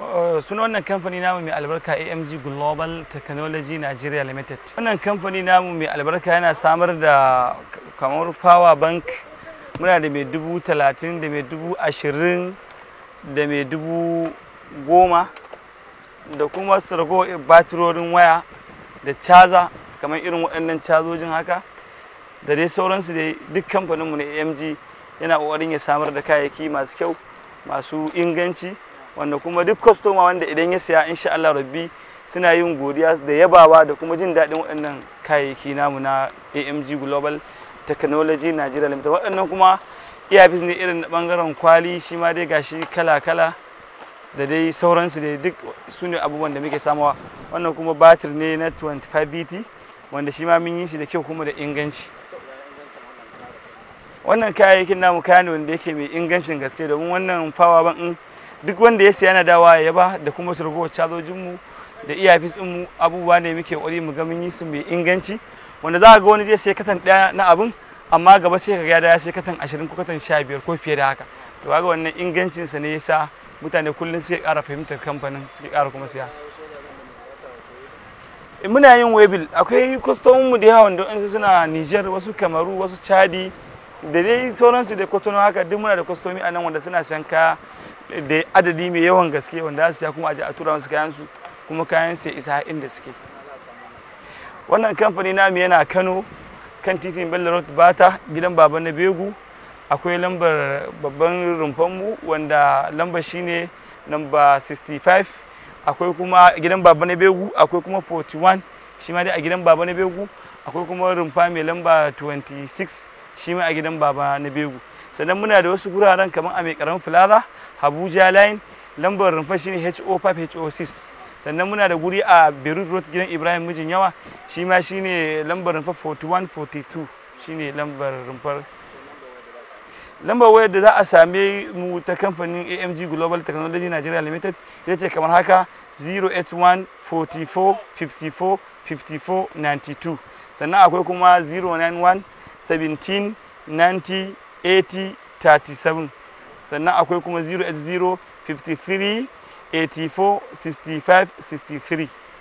Eh, suna wannan kamfani namu mai albarka amg global technology nigeria limited wannan kamfani namu mai albarka yana samar da kamar power bank muna da mai dubu talatin da mai dubu ashirin da mai dubu goma da kuma su rago batirorin waya da caza kamar irin waɗannan cazojin haka da dai sauransu dai duk kamfaninmu na amg yana ƙoƙarin ya samar da kayayyaki masu kyau masu inganci wanda kuma duk kwastoma wanda idan ya siya insha Allah rabbi suna yin godiya da yabawa da kuma jin daɗin waɗannan kayayyaki namu na AMG Global Technology Nigeria Limited waɗannan kuma iyafis ne irin na ɓangaren kwali shi ma dai gashi kala-kala da dai sauransu dai duk su ne abubuwan da muke samawa wannan kuma batir ne na 25 BT wanda shi ma mun yi shi da kyau kuma da inganci wannan kayayyakin namu kaya wanda yake mai ingancin gaske domin wannan fawa ban duk wanda ya siya na dawa ya ba da kuma surgowar cazojin mu da iyafis din mu abubuwa ne muke kokari mu ga mun yi su mai inganci wanda za ga wani zai sai katan daya na abin amma gaba sai ka ga ya sai katan 20 ko katan biyar ko fiye da haka to ga wannan ingancin sa ne yasa mutane kullun suke ƙara fahimtar kamfanin suke ƙara kuma siya muna yin webil akwai kwastomin mu da yawa wanda suna Nijar, wasu Kamaru wasu Chadi da dai sauransu da kwatano haka duk muna da kwastomi a nan wanda suna shan kaya da adadi mai yawan gaske wanda su ya kuma aje a tura musu kayansu kuma kayan su ya isa inda suke wannan kamfani namu yana kano kan titin bello road bata gidan baba na begu akwai lambar babban rumfanmu wanda lambar shine namba 65 akwai kuma gidan baba na begu akwai kuma 41 shi ma dai a gidan baba na begu akwai kuma rumfa mai lamba 26 shi ma a gidan baba na begu sannan muna da wasu guraren kamar a mai karamin filaza habuja line lambar rumfa shine ho5 ho6 sannan muna da guri a beirut road gidan ibrahim mijin yawa shi ma shine lambar rumfa 4142 shine lambar rumfar lambar wayar da za a same mu ta kamfanin amg global technology nigeria limited ya ce kamar haka 081 44 54 54 92 sannan akwai kuma 091 17 90 80 37 sannan akwai kuma 0 53 84 65 63